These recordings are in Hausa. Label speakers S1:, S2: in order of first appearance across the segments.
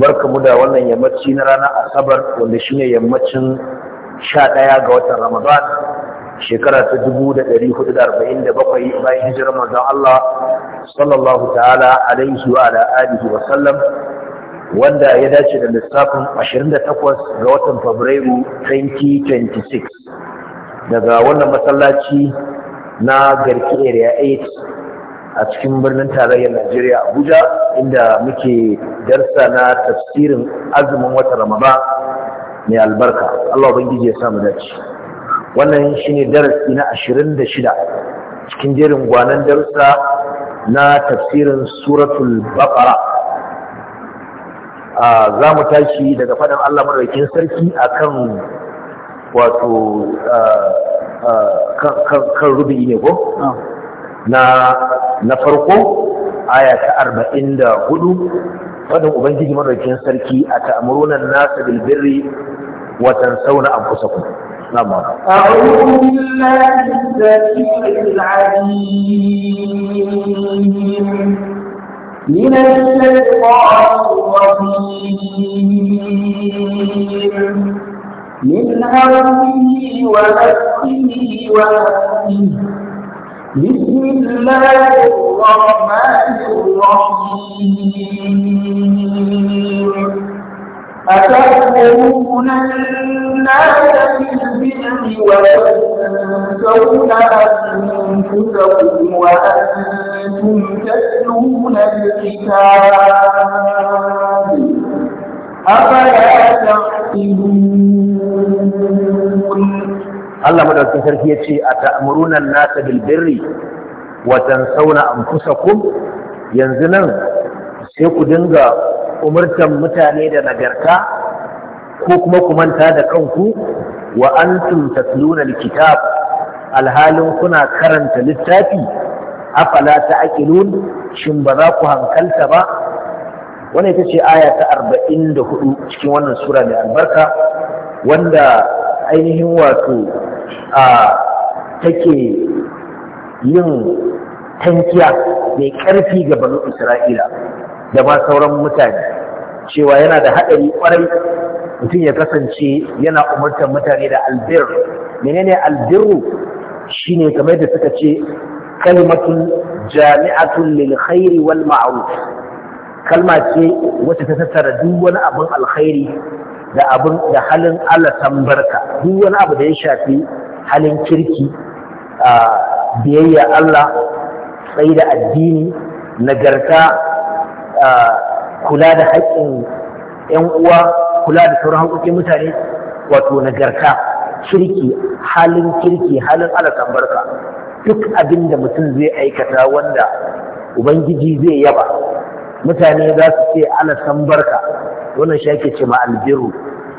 S1: barka mu da wannan yammaci na ranar asabar wanda shine yammacin 11 ga watan ramadan shekara ta 1447 bayan hijirar manzon Allah sallallahu ta'ala alaihi wa ala alihi wa sallam wanda ya dace da lissafin 28 ga watan fabrairu 2026 daga wannan masallaci na garki area 8 a cikin birnin tarayyar Najeriya Abuja inda muke darsa na tafsirin azumin wata Ramadan mai albarka Allah ubangiji ya samu dace wannan shine darasi na 26 cikin jerin gwanan darsa na tafsirin suratul baqara za mu tashi daga faɗin Allah madaukakin sarki akan wato kan rubi ne ko ah. na na farko aya ta arba'in da hudu wadda ubangiji madaukin sarki a ta'amuruna nasa bilbirri watan sauna an kusa ku نعم أعوذ
S2: من الشيطان الرجيم من همه ونفسه وهمه بسم الله الرحمن الرحيم أتأمرون الناس بالبر وتنسون أنفسكم وأنتم تتلون الكتاب أفلا تعقلون
S1: Allah madaukakin sarki ya ce a ta'amuruna nasa bil birri wa tansawna anfusakum yanzu nan sai ku dinga umurtan mutane da nagarta ko kuma ku manta da kanku wa antum tatluna alkitab alhalin kuna karanta littafi afala ta'qilun shin ba za ku hankalta ba wannan ita ce aya ta 44 cikin wannan sura mai albarka wanda ainihin wato a take yin tankiya mai ƙarfi ga banu isra'ila da ma sauran mutane cewa yana da haɗari ƙwarai mutum ya kasance yana umartar mutane da albir menene albirru shine kamar da suka ce kalimatun jami'atun lil khairi wal ma'ruf kalma ce wacce ta tattara duk wani abin alkhairi da abin da halin Allah tambarka duk wani abu da ya shafi halin kirki a biyayya Allah tsaye da addini nagarta kula da haƙƙin 'yan uwa kula da sauran haƙoƙin mutane wato nagarta kirki halin kirki halin Allah tambarka duk abin da mutum zai aikata wanda ubangiji zai yaba mutane za su ce Allah barka. wannan shi ake ce ma albiru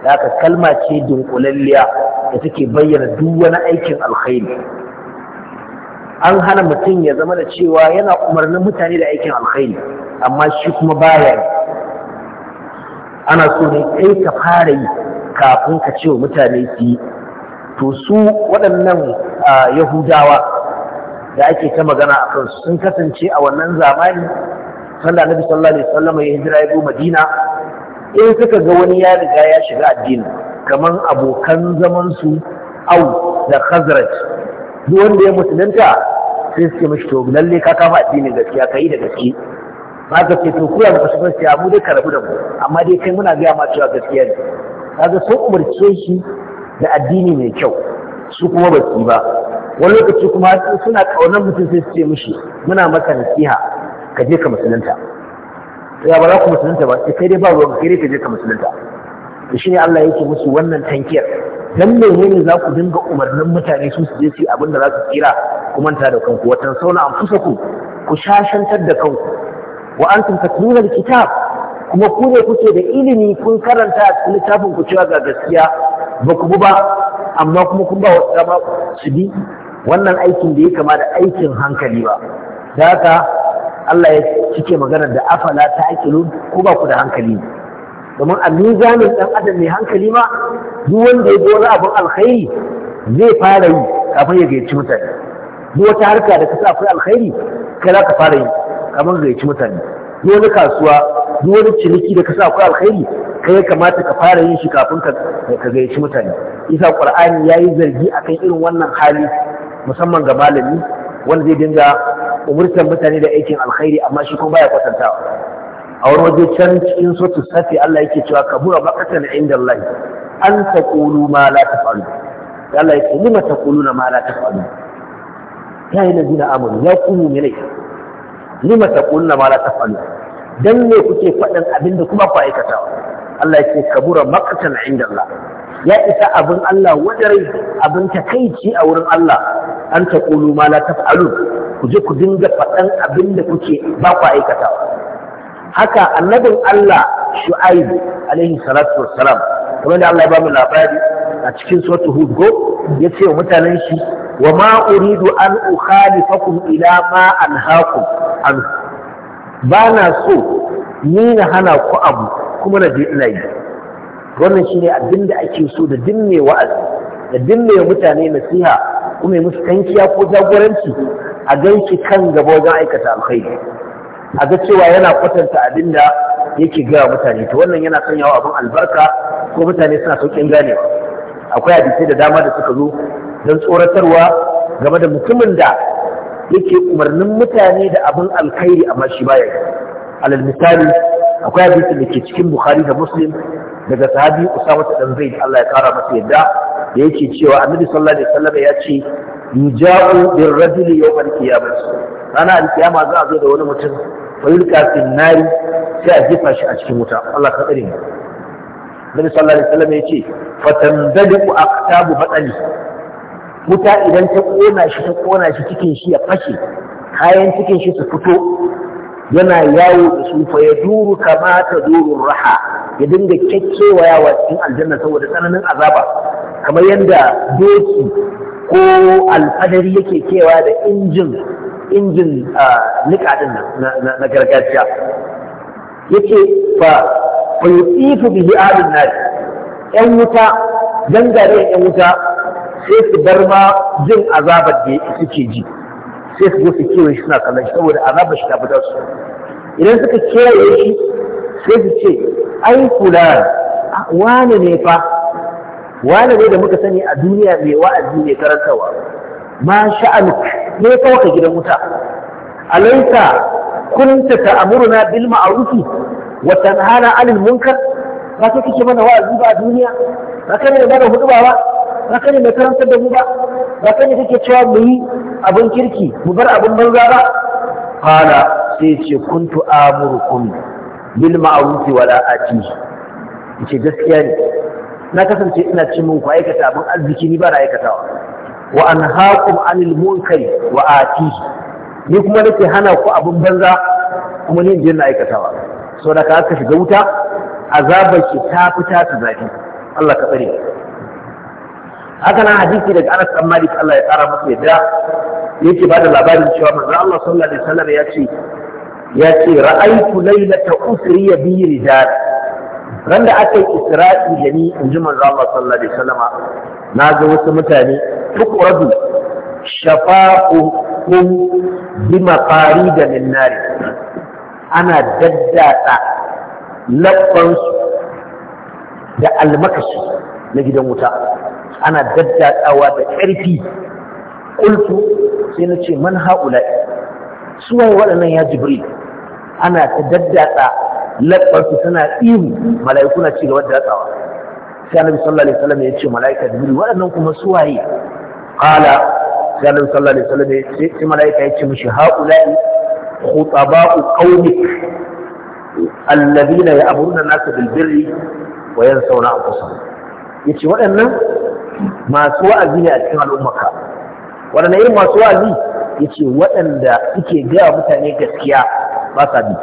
S1: da aka kalma ce dunkulalliya da take bayyana duk wani aikin alkhairi an hana mutum ya zama da cewa yana umarnin mutane da aikin alkhairi amma shi kuma baya ana so ne kai ka fara yi kafin ka ce wa mutane su yi to su waɗannan yahudawa da ake ta magana a kansu sun kasance a wannan zamani sallah nabi sallallahu alaihi wasallam ya hijira ya zo madina in suka ga wani ya riga ya shiga addini kamar abokan zaman su au da khazraj duk wanda ya musulunta sai suke mashi to lalle ka kama addinin gaskiya kai da gaske ka ce to kuya ba su sai mu dai karabu da mu amma dai kai muna gaya ma cewa gaskiya ne kaga sun umarce shi da addini mai kyau su kuma ba su ba wani lokaci kuma suna kaunar mutum sai su ce mishi muna maka nasiha ka je ka musulunta ya ba za ku musulunta ba sai dai ba ruwan kai ka je ka musulunta shi ne Allah yake musu wannan tankiyar dan ne za ku dinga umarnin mutane su su je su abin da za su tsira ku manta da kanku watan sauna an fusa ku ku shashantar da kanku wa antum tatluna alkitab kuma ku ne kuke da ilimi kun karanta a cikin littafin ku cewa ga gaskiya ba ku ba amma kuma kun ba wata ma su bi wannan aikin da ya kama da aikin hankali ba da haka Allah ya suke magana da afala ta aƙilun ko ba ku da hankali domin a mizanin ɗan adam mai hankali ma duk wanda ya ji wani abin alkhairi zai fara yi kafin ya gayyaci mutane duk wata harka da ka sa akwai alkhairi kai za ka fara yi kamar ka gayyaci mutane duk wani kasuwa duk wani ciniki da ka sa akwai alkhairi kai ya kamata ka fara yin shi kafin ka gayyaci mutane isa qur'ani yayi zargi akan irin wannan hali musamman ga malami wanda zai dinga umurtar mutane da aikin alkhairi amma shi kuma baya kwatantawa a wani waje can cikin sotu safi Allah yake cewa ka kabura makatan inda Allah an taqulu ma la taf'alu Allah yake lima taquluna ma la taf'alu ya yi nazina amanu ya ku mu'minai lima taquluna ma la taf'alu dan ne kuke faɗin abin da kuma ku aikatawa Allah yake kabura makatan inda Allah ya isa abin Allah wajen abin takaici a wurin Allah an taqulu ma la taf'alu ku je ku dinga faɗan abin da kuke ba ku aikata haka annabin Allah Shu'aibu alaihi salatu wassalam kamar da Allah ya ba mu labari a cikin suratul Hud go yace wa mutanen shi wa ma uridu an ukhalifakum ila ma anhaakum an ba na so ni na hana ku abu kuma na je ina yi wannan shine abin da ake so da dinne wa'azi da dinne mutane nasiha kuma musu tankiya ko jagoranci a gan kan gaba wajen aikata alkhairi a ga cewa yana kwatanta abin da yake gaya mutane to wannan yana sanyawa abin albarka ko mutane suna sauƙin ganewa akwai hadisi da dama da suka zo don tsoratarwa game da mutumin da yake umarnin mutane da abin alkhairi amma shi baya yi alal misali akwai hadisi da ke cikin bukhari da muslim daga sahabi usama ta dan zaid Allah ya kara masa yadda da yake cewa annabi sallallahu alaihi wasallam ya ce yuja'u bil rajuli yawmal qiyamah rana alkiyama za a zo da wani mutum fa yulqa fil nari sai a jefa shi a cikin wuta Allah ka tsare mu Nabi sallallahu alaihi wasallam yace fa tandaliqu aqtabu batali wuta idan ta kona shi ta kona shi cikin shi ya fashe kayan cikin shi su fito yana yawo da su fa ya duru kama ta duru raha ya dinga kyakkyawa yawa cikin aljanna saboda tsananin azaba kamar yadda doki ko alfadari yake kewa da injin injin niƙaɗin na gargajiya yake fa fayusifu bihi ahlun nar yan wuta dangare yan wuta sai su bar ma jin azabar da suke ji sai su su kewaye shi suna kallon shi saboda azabar shi ta su idan suka kewaye shi sai su ce ai kula wane ne fa wani ne da muka sani a duniya mai wa'azi mai karantawa ma sha'anuk ne kawo ka gidan wuta alaita kunta ta'amuruna bil ma'rufi wa tanhana 'anil munkar ba kai kike mana wa'azi ba a duniya ba kai ne mana hudu ba ba kai ne mai karantar da mu ba ba kai ne kake cewa mu yi abin kirki mu bar abin banza ba Fala sai ce kuntu amurukum bil ma'rufi wala ati ce gaskiya ne na kasance ina ce mun ku aikata abin arziki ni ba na aikatawa wa anhaqum anil munkari wa atihi ni kuma nake hana ku abin banza kuma ni injin na aikatawa so da ka shiga wuta azabar ki ta fi ta zafi Allah ka tsare haka nan hadisi daga Anas bin Malik Allah ya tsara masa yadda yake ba da labarin cewa manzo Allah sallallahu alaihi wasallam ya ce ya ce ra'aytu laylata usriya bi rijal Randa aka yi isra'i da ni in ji manzo Allah sallallahu alaihi wasallama na ga wasu mutane tuqradu shafa'uhum bi maqarida min nar ana daddata su da almakashi na gidan wuta ana daddatawa da ƙarfi qultu sai na ce man haula suwaye waɗannan ya jibril ana ta daddata labbarsu tana ihu mala'iku na cigaba da ratsawa sai annabi sallallahu alaihi wasallam ya ce mala'ika jibril waɗannan kuma su waye qala sai annabi sallallahu alaihi wasallam ya ce sai mala'ika ya ce mishi haula'i khutaba'u qaumik alladhina ya'muruna an-nasa bil birri wa yansawna anfusahum yace waɗannan masu wa'azi ne a cikin al'ummarka waɗannan irin masu wa'azi yace waɗanda suke gaya mutane gaskiya ba sa bi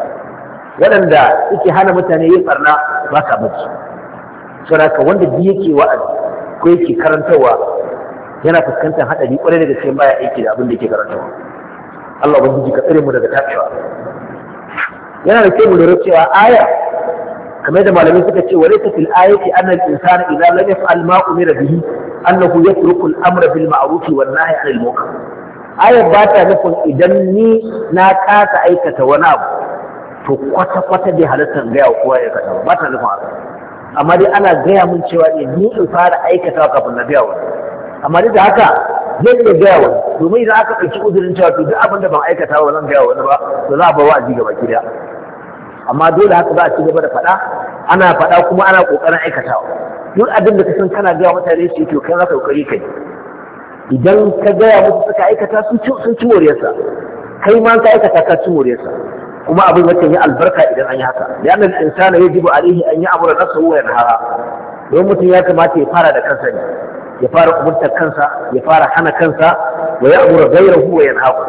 S1: waɗanda suke hana mutane yin ɓarna, ba ka bacci ka wanda bi yake wa'azi ko yake karantarwa yana fuskantar haɗari ƙwarai da gaske baya aiki da abin da yake karantarwa Allah ubangiji ka tsare mu daga Tafiya. yana da kyau mu lura cewa aya kamar da malamai suka ce wa laysa fil ayati anna al insana idza lam yaf'al ma umira bihi annahu yatruku al amra bil ma'ruf wan nahy 'anil munkar aya ba ta nufin idan ni na kasa aikata wani abu to kwata-kwata dai halittar gaya wa kowa ya kaɗa ba ta nufin haka amma dai ana gaya mun cewa ne eh, ni in fara aikata kafin na gaya wani amma dai da haka zai iya gaya wani domin idan aka ɗauki uzurin cewa to duk abin da ban aikata ba zan gaya wani ba to za a bar wa'azi gaba gida amma dole haka za a ci gaba da faɗa ana faɗa kuma ana ƙoƙarin aikatawa duk abin da ka san kana gaya mutane su to kai za ka ƙoƙari kai idan ka gaya musu suka aikata sun ci moriyarsa kai ma ka aikata ka ci moriyarsa kuma abin yakan yi albarka idan an yi haka da yanar insana ya jibu alaihi an yi amura nasa wa yanhara don mutum ya kamata ya fara da kansa ne ya fara umurtar kansa ya fara hana kansa wa ya amura gairahu wa yanhaku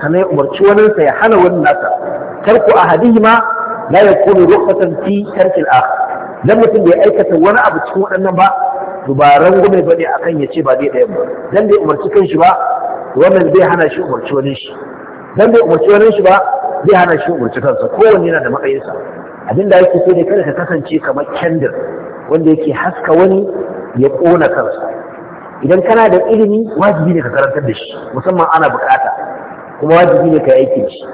S1: sannan ya umarci waninsa ya hana wani nasa tarku ahadihima la yakunu rukhsatan fi Tarkin A. dan mutum bai aikata wani abu cikin waɗannan ba dubaran gume ba ne akan ya ce ba zai ɗaya ba dan bai umarci kanshi ba wannan zai hana shi umarci wani shi dan bai umarci wani shi ba zai hana shi umurci kansa kowanne yana da matsayinsa abinda yake so ne kada ka kasance kamar kendir wanda yake haska wani ya kona kansa idan kana da ilimi wajibi ne ka karantar da shi musamman ana bukata kuma wajibi ne ka yi aiki da shi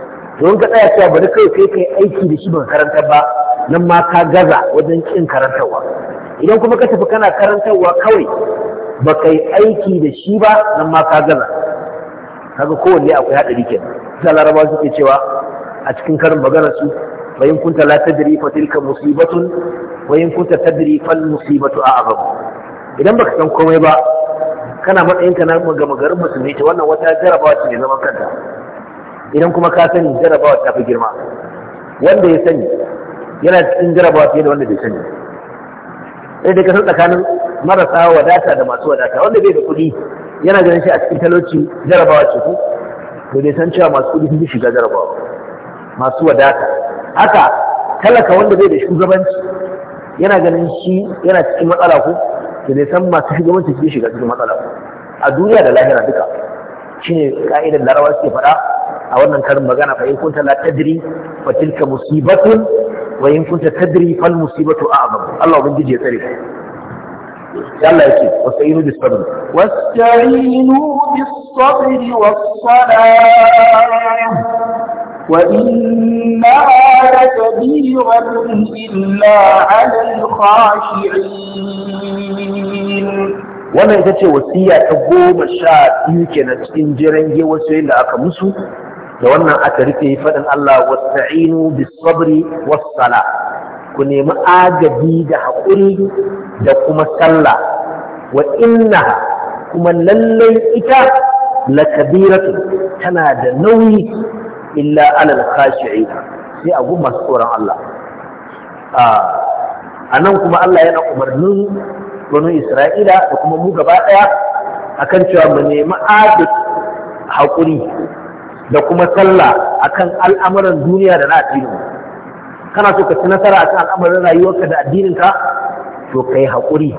S1: don ka tsaya cewa bari kai kai kai aiki da shi ba karantar ba nan ma ka gaza wajen kin karantarwa idan kuma ka tafi kana karantarwa kawai ba kai aiki da shi ba nan ma ka gaza kaga kowanne akwai hadari kenan sai larabawa suke cewa a cikin karin maganar su wa in kunta la tadri fa tilka musibatun wa in kunta tadri fal musibatu a'zam idan baka san komai ba kana matsayin ka na ga magarin musulmi ce wannan wata jarabawa ce ne zaman kanta idan kuma ka sani jarabawa ta fi girma wanda ya sani yana cikin jarabawa fiye da wanda bai sani sai da kasar tsakanin marasa wadata da masu wadata wanda bai da kuɗi yana ganin shi a cikin talauci jarabawa ce ku to bai san cewa masu kuɗi sun shiga jarabawa masu wadata
S3: haka talaka wanda bai
S1: da shugabanci yana ganin shi yana cikin matsala ko to ne san masu shugabanci su shiga cikin matsala ko a duniya da lahira duka shine ka'idar larabawa suke faɗa a wannan karin magana fa in kunta la tadri fa tilka musibatun wa in kunta tadri fal musibatu a'zam Allah ubangiji ya tsare ka يلا يا
S2: واستعينوا بالصبر واستعينوا بالصبر والصلاة وإنها لكبيرة إلا على الخاشعين
S1: wannan ita ce wasiya ta goma sha biyu na cikin jiran wasu da aka musu da wannan aka rufe faɗin Allah wasta'inu bis sabri was sala ku nemi agabi da haƙuri da kuma sallah wa inna kuma lallai ita la kabiratu tana da nauyi illa alal khashi'i sai a gun masu tsoron Allah a nan kuma Allah yana umarnin banu Isra'ila da kuma mu gaba ɗaya akan cewa mu nemi adad haƙuri da kuma sallah akan al'amuran duniya da na addinin kana so ka ci nasara akan al'amuran rayuwarka da addininka to kai haƙuri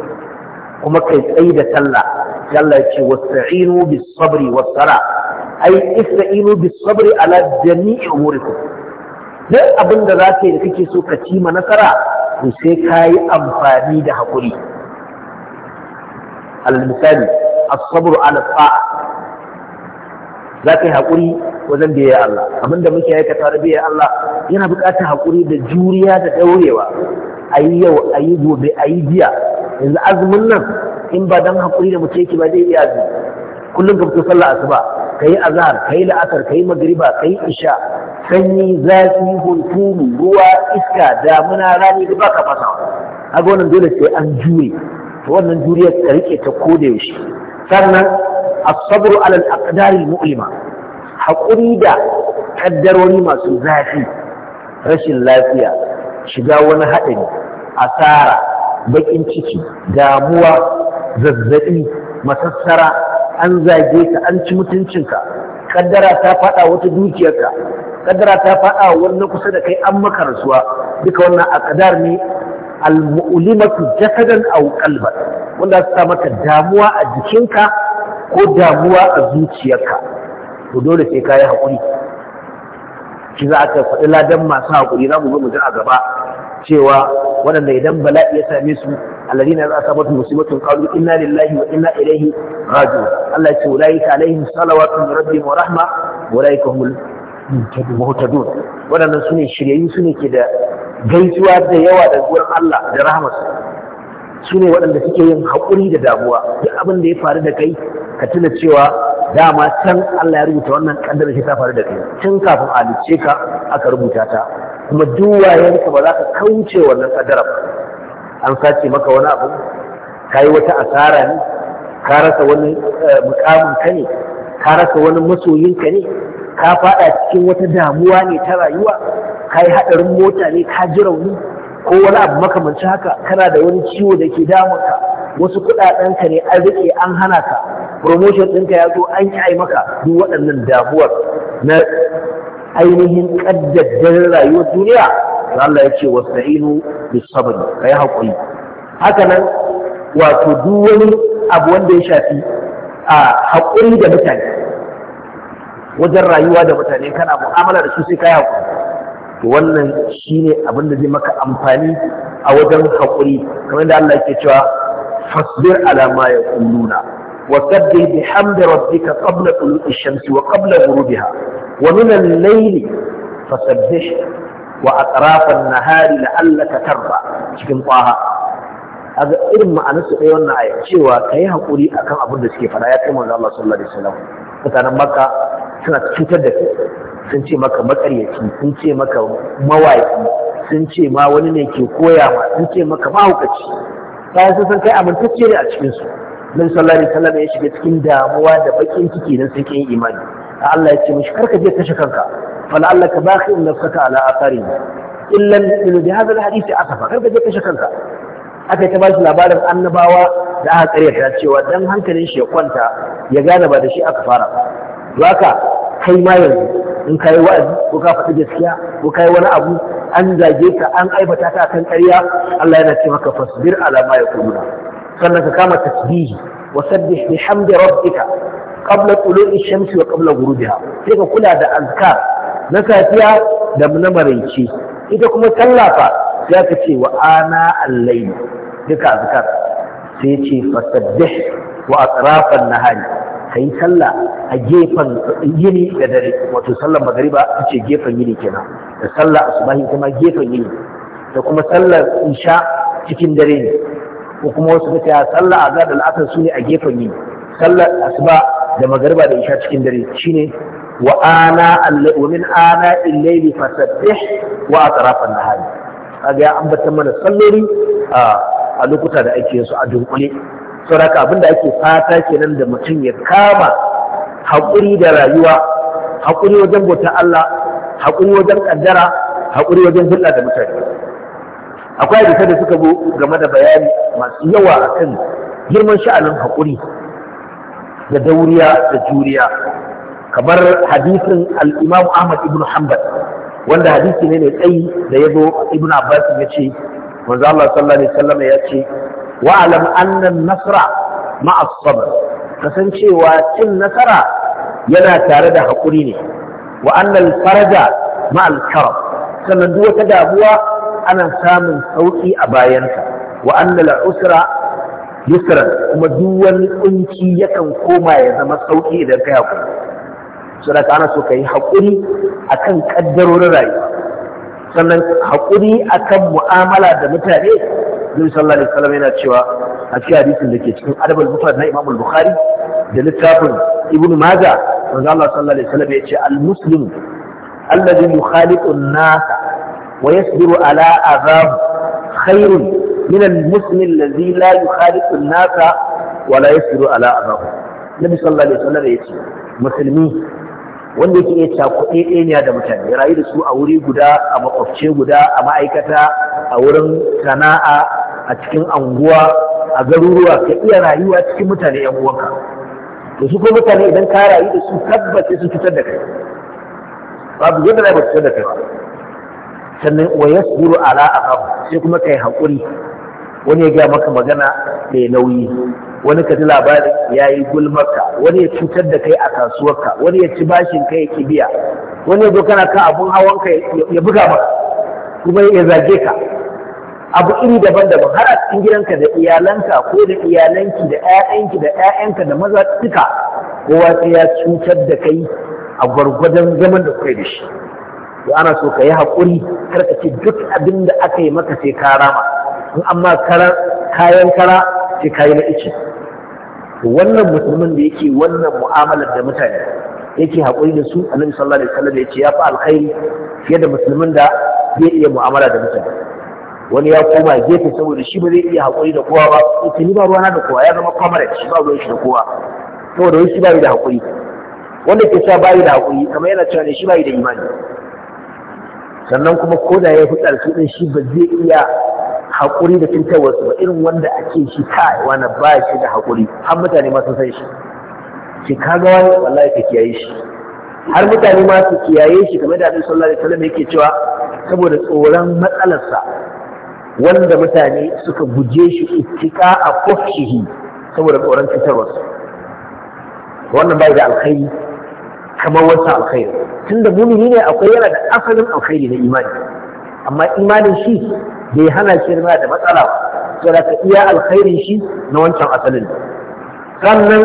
S1: kuma kai tsayi da sallah Allah ya ce wasta'inu bis sabri was sala ai ista'inu bis sabri ala jami'i umurikum duk abin da zaka yi da kake so ka ci ma nasara to sai kayi amfani da hakuri al misali as-sabru ala ta'a zaka yi hakuri wajen biyayya Allah abin da muke aikata da biyayya Allah yana buƙatar hakuri da juriya da daurewa ayi yau ayi gobe ayi jiya yanzu azumin nan in ba dan hakuri da mutum yake ba zai iya azumi kullum ka fito sallah asuba kai azhar kai la'asar kai magriba kai isha sanyi zafi hunturu ruwa iska damuna rani da baka fasa a wannan dole sai an jure to wannan juriyar ta rike ta koda yaushe sannan as-sabru ala al-aqdar al-mu'lima haƙuri da kaddarori masu zafi rashin lafiya shiga wani haɗari asara baƙin ciki damuwa zazzaɓi masassara an zage ka an ci mutuncinka kaddara ta faɗa wata dukiyarka kaddara ta faɗa wani kusa da kai an maka rasuwa duka wannan akadar ne al-mu'limatu jasadan aw qalban wanda ta sa maka damuwa a jikinka ko damuwa a zuciyarka to dole sai kai hakuri shi za ka faɗi ladan masu hakuri za mu zo mu ji a gaba cewa waɗanda idan bala'i ya same su alladhina idza asabatuhum musibatun qalu inna lillahi wa inna ilaihi raji'un Allah ce ulaika alaihim salawatun min rabbihim wa rahma ulaika humul muhtadun wadannan sune shiryayyu sune ke da gaisuwa da yawa da gurin Allah da rahmarsa sune waɗanda suke yin haƙuri da damuwa duk abin ya faru da kai ka tuna cewa dama can Allah ya rubuta wannan kaddara shi ta faru da kai tun kafin a ka aka rubuta ta kuma duk wayenka ba za ka kauce wannan kaddara an sace maka wani abu ka yi wata asara ne ka rasa wani eh, mukamin ka ne ka rasa wani masoyin ka ne ka fada cikin wata damuwa ne ta rayuwa ka yi hadarin mota ne ka ji rauni ko wani abu makamancin haka kana da wani ciwo da ke damunka wasu kudaden ka ne an an hana ka promotion ɗinka ya zo an yi maka duk waɗannan damuwar na ainihin ƙaddadar rayuwar duniya Allah ya ce wasta'inu bis sabr kai hakuri haka nan wato duk wani abu wanda ya shafi a hakuri da mutane wajen rayuwa da mutane kana mu'amala da su sai kai hakuri to wannan shine abin da zai maka amfani a wajen hakuri kamar da Allah yake cewa fasbir ala ma yaquluna وسبح بحمد ربك قبل طلوع الشمس وقبل غروبها ومن الليل فسبح wa atrafan nahari la'allaka tarba cikin kwaha a ga irin ma'anar su ɗaya wannan aya cewa ka yi haƙuri a kan abin da suke faɗa ya kai manzo Allah sallallahu alaihi wasallam mutanen makka suna cutar da kai sun ce maka makaryaci sun ce maka mawaƙi sun ce ma wani ne ke koya ma sun ce maka mahaukaci bayan sun san kai amintacce ne a cikinsu nan sallallahu alaihi wasallam ya shiga cikin damuwa da bakin ciki dan sai kin imani Allah ya ce mishi karka je kashe kanka فلعلك باخع نفسك على آثارهم إلا من بهذا الحديث أسفا كيف جاء شكرك aka ta bashi labarin annabawa da aka ta cewa dan hankalin shi ya kwanta ya gane ba da shi aka fara ba haka kai ma yanzu in kai wa'azi ko ka faɗi gaskiya ko kai wani abu an zage ka an aibata ta kan ƙarya Allah yana ce maka fasbir ala ma yaquluna sannan ka kama tasbihi wa sabbih bihamdi rabbika qabla tulu'i shamsi wa qabla ghurubiha sai ka kula da azkar na safiya da na maraice ita kuma tallafa ya ka ce wa ana allai duka azkar sai ce fasabbih wa atrafan nahari kai salla a gefen yini da dare wato sallar magariba ita ce gefen yini kenan da sallar asubahi kuma gefen yini da kuma sallar isha cikin dare ne ko kuma wasu suka ya sallar azhar da al'asar su ne a gefen yini sallar asuba da magariba da isha cikin dare shine wa ana wa min ana al-layli fasabbih wa atraf an-nahar kaga ya ambata mana sallori a lokuta da ake su a dunkule saboda abinda ake fata kenan da mutum ya kama haƙuri da rayuwa haƙuri wajen bauta Allah haƙuri wajen ƙaddara haƙuri wajen hulɗa da mutane akwai hadisai da suka zo game da bayani masu yawa akan girman sha'anin haƙuri da dauriya da juriya kamar hadisin Al'imam Ahmad ibn Hanbal wanda hadisi ne mai tsayi da ya zo Ibn Abbas ya ce manzo Allah sallallahu alaihi ya ce wa alam anna an-nasra sabr kasancewa cin nasara yana tare da haƙuri ne wa anna al-faraja ma'a karam sannan duk wata damuwa ana samun sauƙi a bayanta wa anna usra yusran kuma duk wani kunci yakan koma ya zama sauƙi idan kai hakuri so da ana so ka yi haƙuri a kan ƙaddarorin rayuwa sannan haƙuri a kan mu'amala da mutane zai sallallahu alaihi wasallam yana cewa a cikin hadisin da ke cikin adabul mufrad na imamul bukhari da littafin ibnu maja manzo Allah sallallahu alaihi wasallam ya ce al muslim alladhi yukhaliqu an-nas wa yasbiru ala adhab khairun min al muslim alladhi la yukhaliqu an-nas wa la yasbiru ala adhab nabi sallallahu alaihi wasallam ya ce musulmi wanda yake iya cakuɗe ɗaya da mutane rayu da su a wuri guda a makwabce guda a ma'aikata a wurin sana'a a cikin anguwa a garuruwa ka iya rayuwa cikin mutane yan uwanka da su kuma mutane idan ka rayu da su tabbace su fitar da kai babu yadda za ba fitar da kai ba sannan wa yasbiru ala aqab sai kuma kai haƙuri wani ya ga maka magana mai nauyi wani ka ji labarin ya yi gulmarka wani ya cutar da kai a kasuwarka wani ya ci bashin kai ya kibiya wani ya zo kana ka abun hawan ka ya buga maka kuma ya zage ka abu iri daban-daban har a cikin gidanka da iyalanka ko da iyalanki da 'ya'yanki da 'ya'yanka da maza duka kowa sai ya cutar da kai a gwargwadon zaman da kai da shi to ana so ka yi haƙuri kar ka ci duk abin da aka yi maka sai ka rama in amma kayan kara sai ka yi na ice to wannan musulmin da yake wannan mu'amalar da mutane yake haƙuri da su annabi sallallahu alaihi wasallam yace ya fi alkhairi fiye da musulmin da zai iya mu'amala da mutane wani ya koma gefe saboda shi ba zai iya haƙuri da kowa ba yace ni ba ruwana da kowa ya zama kwamare shi ba ruwan shi da kowa saboda wani shi ba yi da haƙuri wanda ke sa ba yi da haƙuri kamar yana cewa ne shi ba yi da imani sannan kuma ko da ya fi ƙarfi ɗin shi ba zai iya haƙuri da cin su ba irin wanda ake shi kai wani ba shi da haƙuri har mutane ma sun san shi shi kaga wani wallahi ka kiyaye shi har mutane ma su kiyaye shi kamar da abin sallallahu alaihi wasallam yake cewa saboda tsoron matsalarsa wanda mutane suka guje shi ittika a kufshihi saboda tsoron cutarwarsa wannan bai da alkhairi kamar wasu alkhairi tunda mumini ne akwai yana da asalin alkhairi na imani amma imanin shi bai hana shi yana da matsala to da ka iya alkhairin shi na wancan asalin sannan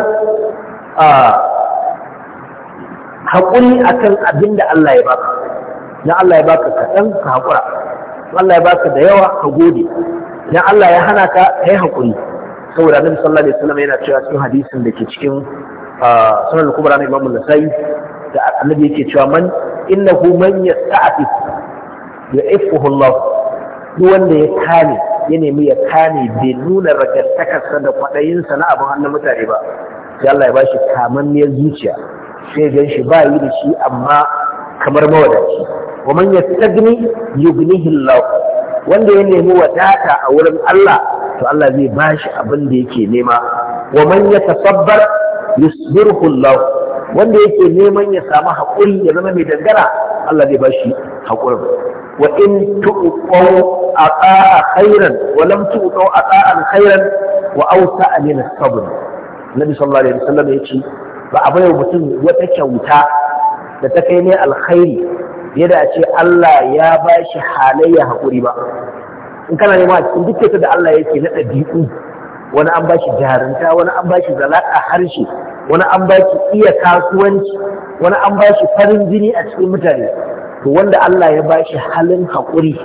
S1: haƙuri akan abin da Allah ya baka na Allah ya baka kaɗan ka haƙura Allah ya baka da yawa ka gode na Allah ya hana ka ka yi haƙuri saboda annabi sallallahu alaihi wasallam yana cewa cikin hadisin da ke cikin sunan al-kubra na Imam nasai da annabi yake cewa man innahu man yasta'fif yu'iffuhu Allah duk wanda ya kame ya nemi ya kame bai nuna ragartakarsa da kwaɗayinsa na abin hannun mutane ba sai Allah ya ba shi niyar zuciya sai gan shi ba yi da shi amma kamar mawadaci wa man yastagni yugnihi Allah wanda ya nemi wadata a wurin Allah to Allah zai ba shi abin da yake nema wa man yatasabbar yusbirhu Allah wanda yake neman ya samu haƙuri ya zama mai dangara Allah zai ba shi haƙurin wa in tu'u ata'a khairan wa lam tu'ta ata'an khairan wa awsa min as-sabr Nabi sallallahu alaihi wasallam yace ba a bayar mutum wata kyauta da ta kai ne alkhairi fiye da a ce Allah ya ba shi halayya haƙuri ba in kana nema a cikin duk da Allah yake na ɗabi'u wani an ba shi jarinta wani an ba shi zalaƙa harshe wani an ba shi iya kasuwanci wani an ba shi farin jini a cikin mutane to wanda Allah ya ba shi halin haƙuri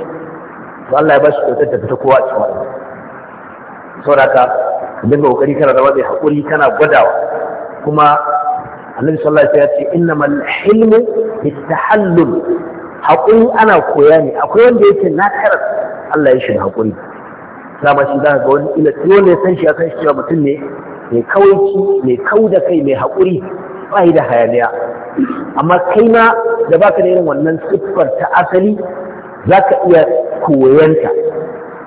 S1: to Allah ya ba shi kyautar da fita kowa a cikin wa'azi ka dinga kokari kana zama mai hakuri kana gwadawa kuma annabi sallallahu alaihi wasallam ya ce innamal hilmu bitahallul hakuri ana koya ne akwai wanda yake na karas Allah ya shi hakuri dama shi zaka ga wani ila dole ya san shi ya san shi cewa mutum ne mai kawaici mai kau da kai mai hakuri ba da hayaniya amma kai ma da baka da irin wannan siffar ta asali za ka iya koyanta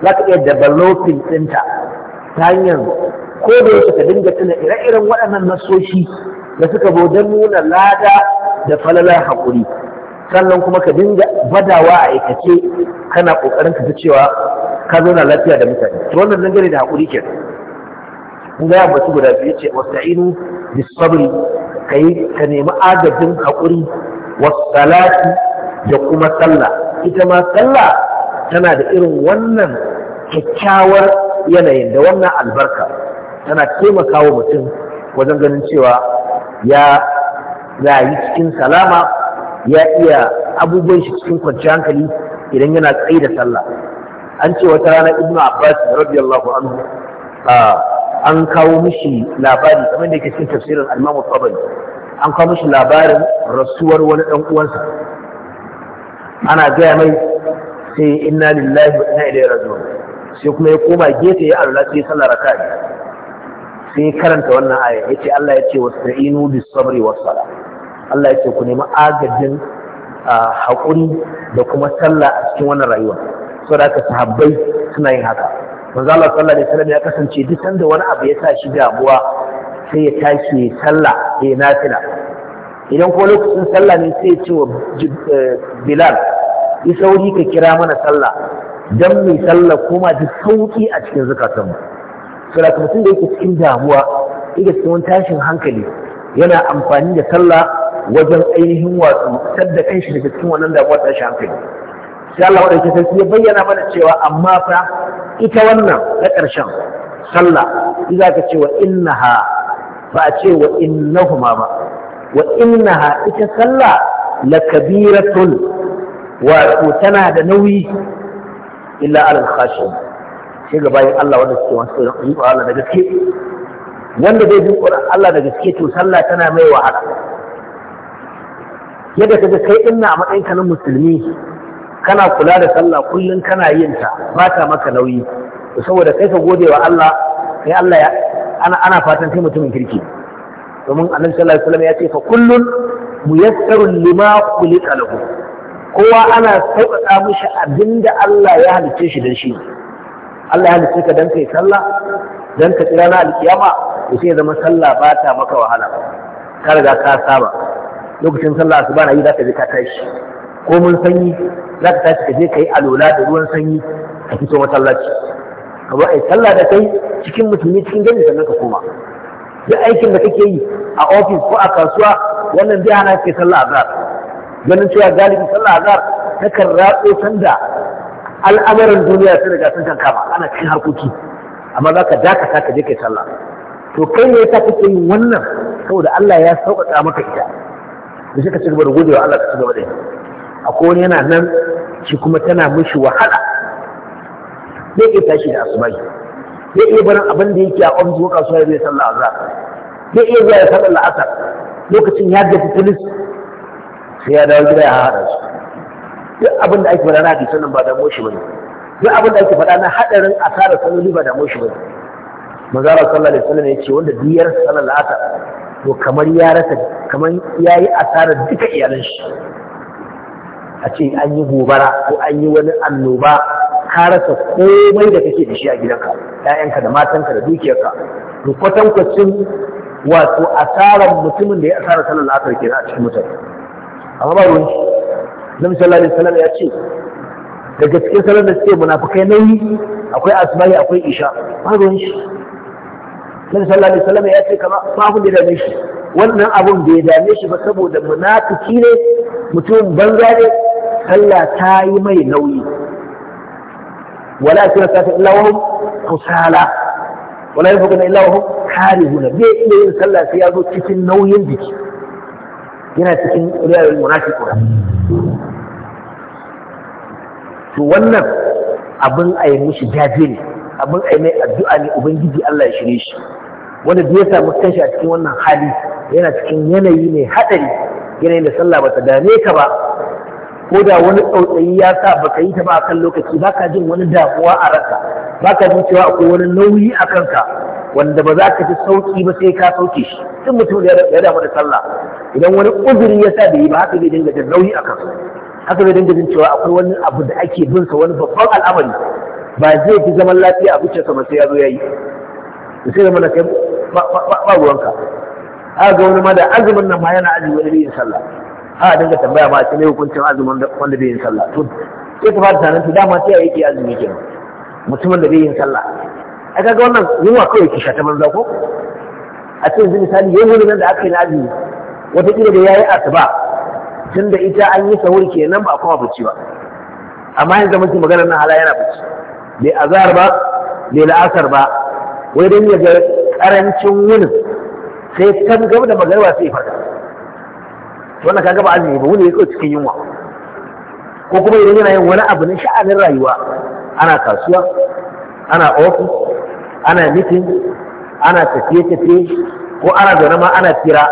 S1: za ka iya developing ɗinta ta hanyar ko da yake ka dinga tuna ire-iren waɗannan nasoshi da suka zo don nuna lada da falalar haƙuri sannan kuma ka dinga badawa a aikace kana ƙoƙarin ka cewa ka zauna lafiya da mutane to wannan dangane da haƙuri ke kun ga batu guda biyu ce wasta'inu bis sabri kai ka nemi agajin haƙuri was salati da kuma sallah ita ma sallah tana da irin wannan kyakkyawar yanayin da wannan albarka tana taimakawa mutum wajen ganin cewa ya rayu cikin salama ya iya abubuwan shi cikin kwanciyar hankali idan yana tsaye da sallah an ce wata rana ibnu abbas radiyallahu anhu an kawo mishi labari kamar da yake cikin tafsirin al-imam an kawo mishi labarin rasuwar wani dan uwansa ana gaya mai sai inna lillahi wa inna ilaihi raji'un sai kuma ya koma gefe ya alula sai sallar raka'a sai karanta wannan aya yace Allah yace wasta'inu bis sabri was sala Allah yace ku nemi agajin hakuri da kuma sallah a cikin wannan rayuwa saboda haka sahabbai suna yin haka manzo Allah sallallahu alaihi wasallam ya kasance duk sanda wani abu ya sa shi damuwa sai ya tashi ya sallah ya nafila idan ko lokacin sallah ne sai ce wa eh, bilal yi sauri ka kira mana sallah don mai sallah kuma ji sauki a cikin zukatan sura kuma sun da yake cikin damuwa ida cikin tashin hankali yana amfani da sallah wajen ainihin wato sadda kanshi daga cikin wannan damuwa tashin hankali sai Allah wadda ke sarki ya bayyana mana cewa amma fa ita wannan na ƙarshen sallah idan ka ce wa innaha ba a ce wa innahuma ba wa innaha ita sallah la kabiratun wato tana da nauyi illa alal khashin sai ga bayan Allah wanda suke wasu yi Allah da gaske wanda zai bin Allah da gaske to sallah tana mai wahala yadda kaga kai inna a matsayinka na musulmi kana kula da sallah kullum kana yin ta ba ta maka nauyi saboda kai ka gode wa Allah sai Allah ya ana fatan kai mutumin kirki domin annabi sallallahu alaihi wasallam ya ce fa kullun muyassarun lima khuliqa lahu kowa ana sauƙaƙa mishi abinda Allah ya halicce shi dan shi Allah ya halicce ka dan kai sallah dan ka tsira na alkiyama to sai ya zama sallah ba ta maka wahala ka riga ka saba lokacin sallah asuba na yi ka je ka tashi ko mun sanyi ka tashi ka je ka yi alola da ruwan sanyi ka fito masallaci kamar ai sallah da kai cikin musulmi cikin gani sannan ka koma duk aikin da kake yi a ofis ko a kasuwa wannan zai hana ke sallah azhar ganin cewa galibi sallah azhar takan ratso sanda al'amarin duniya sai daga sun kan kama ana cikin harkoki amma za ka dakata ka je kai sallah to kai ne yasa kake yin wannan saboda Allah ya sauƙaƙa maka ita da shi ka ci gaba da godewa Allah ka ci gaba da yi akwai wani yana nan shi kuma tana mishi wahala zai iya tashi da asubahi zai iya barin abin da yake a ofis ko kasuwa ya zai la'azar zai iya zuwa ya sallah la'asar lokacin ya gaji tilis sai ya dawo gida ya haɗa su duk abin da ake faɗa na hadisan nan ba moshi ba ne. duk abin da ake faɗa na haɗarin asarar saloli ba damuwar shi bane manzara sallallahu alaihi wasallam ya ce wanda biyar sallar la'asar to kamar ya rasa kamar ya yi asarar duka iyalan shi a ce an yi gobara ko an yi wani annoba ka rasa komai da kake da shi a gidanka ƴaƴanka da matanka da dukiyarka to kwacin wato asarar mutumin da ya asara sallar la'asar ke a cikin mutane amma ba ruwan shi na misalla ne wasallam ya ce daga cikin salon da suke munafukai nauyi akwai asma'i akwai isha ba ruwan shi na misalla ne wasallam ya ce kama ba da dame shi wannan abun da ya dame shi ba saboda munafuki ne mutum banza ne sallah ta yi mai nauyi wala yasuna sata illa wa hum kusala wala yafquna illa wa hum karihuna bai iya sai ya cikin nauyin jiki yana cikin riyayul munafiquna to wannan abin a yi mishi jaje ne abin a yi mai addu'a ne ubangiji Allah ya shirye shi wanda duk ya samu kanshi a cikin wannan hali yana cikin yanayi mai haɗari yanayin da sallah ba ta dame ka ba ko da wani tsautsayi ya sa baka yi ta ba akan lokaci ba ka jin wani damuwa a ranka ka jin cewa akwai wani nauyi a kanka wanda ba za ka ji sauki ba sai ka sauke shi duk mutum ya da da sallah idan wani uzuri ya sa da yi ba haka zai dinga jin nauyi a kansa haka zai dinga jin cewa akwai wani abu da ake bin sa wani babban al'amari ba zai fi zaman lafiya a zuciyarsa ba sai ya zo ya yi sai zama na kai ba ruwanka haka ga wani ma da azumin nan ma yana azumi wani yin sallah a dinga tambaya ba a cikin hukuncin azumin wanda bai yin sallah to sai ka fara tunanin to sai a yake azumi kenan mutumin da bai yin sallah ai kaga wannan yunwa kawai ki shata banza ko a ce yanzu misali yau wani nan da aka yi na azumi wataƙila da ya yi asuba tun da ita an yi sahur nan ba a kuma bacci ba amma yanzu muke maganar nan hala yana bacci bai azhar ba bai la'asar ba wai dan ya ga karancin wunin sai kan gaba da magarba sai farka wannan kaga ba azumi ba wani ya kawai cikin yunwa ko kuma idan yana yin wani abu na sha'anin rayuwa ana kasuwa ana ofis ana mitin ana tafiye-tafiye ko ana zaune ma ana tira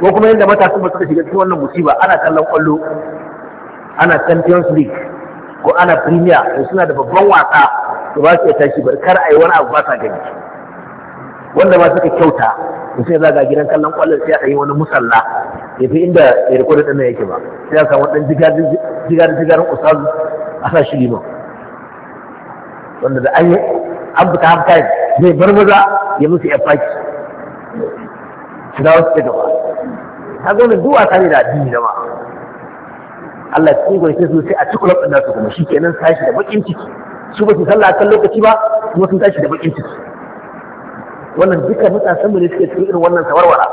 S1: ko kuma yadda matasan ba suka shiga cikin wannan musiba ana kallon kwallo ana champions league ko ana premier suna da babban wasa to ba su iya tashi bar kar a yi wani abu ba sa gani wanda ba suka kyauta to sai zaga gidan kallon kwallon sai a yi wani musalla ya fi inda ya rikodin nan yake ba sai a samu ɗan jigarin jigarin usazu a sa shi liman wanda da an yi an buta half time zai bar maza ya musu ya faki shiga wasu ta gaba ta zo duk wasa ne da addini na ma Allah ya tsogorce su sai a cikin kulab ɗin nasu kuma shi kenan sashi da bakin ciki su ba su sallah kan lokaci ba kuma sun tashi da bakin ciki wannan duka matasanmu ne suke cikin irin wannan sawarwara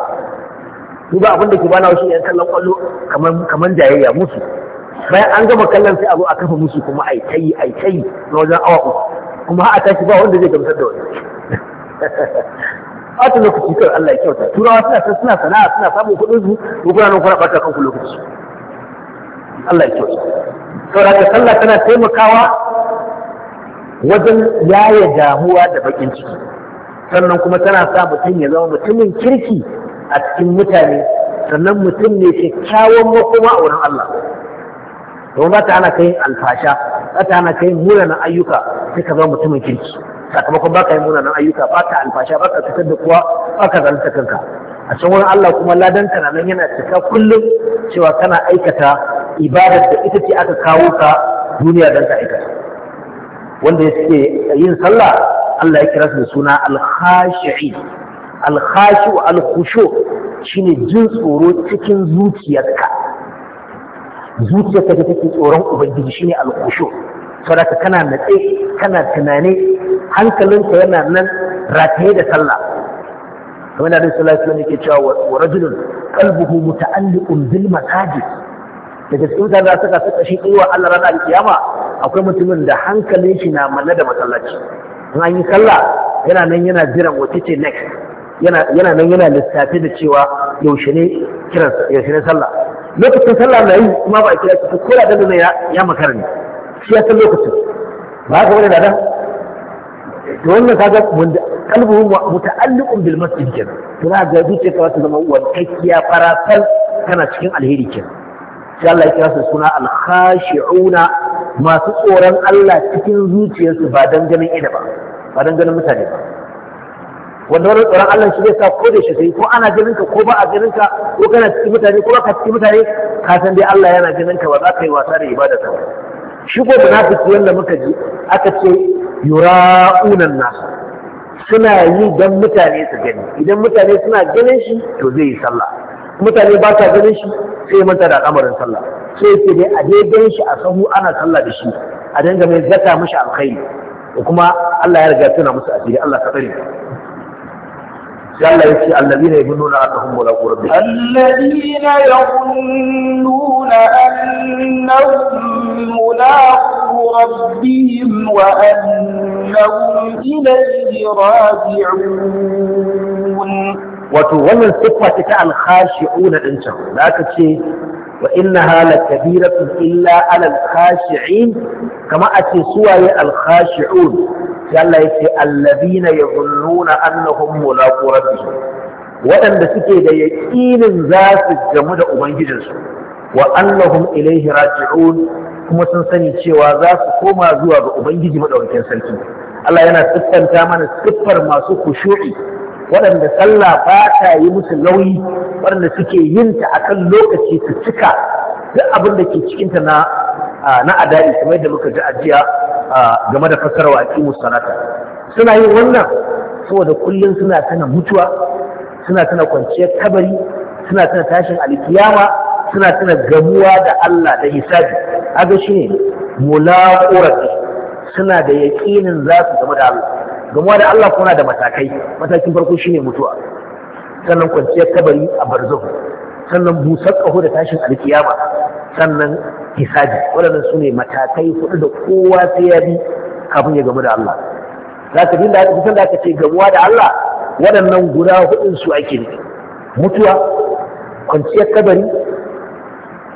S1: su ba abin da ke bana shi yan kallon kwallo kamar jayayya musu bayan an gama kallon sai a zo a kafa musu kuma ai tayi ai tayi na wajen awa uku kuma har a tashi ba wanda zai gamsar da wani ɓata lokaci kan Allah ya kyauta turawa suna san suna sana'a suna samun kuɗin su ko kuna nan kuna ɓata kanku lokaci Allah ya kyauta saboda sallah tana taimakawa wajen yaya damuwa da bakin ciki sannan kuma tana sa mutum ya zama mutumin kirki a cikin mutane sannan mutum ne kyakkyawan makoma a wurin Allah don za ta hana kai alfasha za ta hana kai munanan ayyuka sai ka zama mutumin kirki sakamakon ka yi munanan ayyuka ba ka alfasha ba ka fitar da kowa ka zanta kanka a can wurin Allah kuma ladan kana nan yana cika kullum cewa kana aikata ibadar da ita ce aka kawo ka duniya don ka aikata wanda ya suke yin sallah Allah ya kira su da suna al-khashi'i al-khashu al shine jin tsoro cikin zuciyarka zuciyarka ta take tsoron ubangiji shine al-khushu saboda kana natse kana tunani hankalinka yana nan rataye da sallah kamar da Rasulullah sallallahu alaihi wasallam yake cewa wa rajulun qalbuhu muta'alliqun bil masajid daga cikin da suka saka shi wa Allah rana kiyama akwai mutumin da hankalin shi na manne da masallaci in an yi sallah yana nan yana jiran wace ce next yana nan yana lissafi da cewa yaushe ne kiran yaushe ne sallah lokacin sallah na yi kuma ba a kira shi ko da dan ya makara ne shi ya san lokacin ba haka wani dadan to wannan kaga wanda kalbuhu muta'alliqun bil masjid kenan to na ga zuciya ka ta zama wankakkiya farasal kana cikin alheri kenan sai Allah ya kira su suna al-khashi'una masu tsoron Allah cikin zuciyarsu ba don ganin ina ba ba don ganin mutane ba wanda wani tsoron Allah shi zai sa ko da shi sai ko ana ganin ka ko ba a ganin ka ko kana cikin mutane ko ba ka cikin mutane ka san dai Allah yana ganin ka ba za ka yi wasa da ibada ta shi ko munafiki wanda muka ji aka ce yura'unan nas suna yi don mutane su gani idan mutane suna ganin shi to zai yi sallah mutane ba sa ganin shi sai manta da al'amarin sallah sai yake dai a dai shi a sahu ana sallah da shi a danga mai zata mashi alkhairi da kuma Allah ya riga tuna musu asiri Allah ka tsare يلا يكفي الذين يظنون انهم ملاقو ربهم
S2: الذين يظنون انهم ملاقو ربهم وانهم اليه راجعون
S1: wato wannan siffa ta alkhashi'un din can da aka ce wa inna hala kabiratu illa alal khashi'in kama a ce suwaye al khashi'un sai Allah ya ce alladhina yadhunnuna annahum mulaqu rabbihim waɗanda suke da yaƙinin za su gamu da ubangijinsu wa ilai ilaihi raji'un kuma sun sani cewa za su koma zuwa ga ubangiji madaukakin sarki Allah yana siffanta mana siffar masu kushu'i waɗanda sallah ba ta yi musu nauyi waɗanda suke yin ta kan lokaci su cika duk abin da ke cikinta na na adadi kamar yadda muka ji ajiya game da fasarwa aqimu salata suna yin wannan saboda kullum suna tana mutuwa suna tana kwanciyar kabari suna tana tashin alkiyama suna tana gamuwa da Allah da hisabi aga shine mulaqurati suna da yaƙinin za su game da Allah gamuwa da Allah kuna da matakai matakin farko shine mutuwa sannan kwanciyar kabari a barzo sannan busar ƙaho da tashin alkiyama sannan hisabi waɗannan su ne matakai hudu da kowa sai ya bi kafin ya gamu da Allah za ka dinda haka kusan da aka ce gamuwa da Allah waɗannan guda huɗun su ake ne mutuwa kwanciyar kabari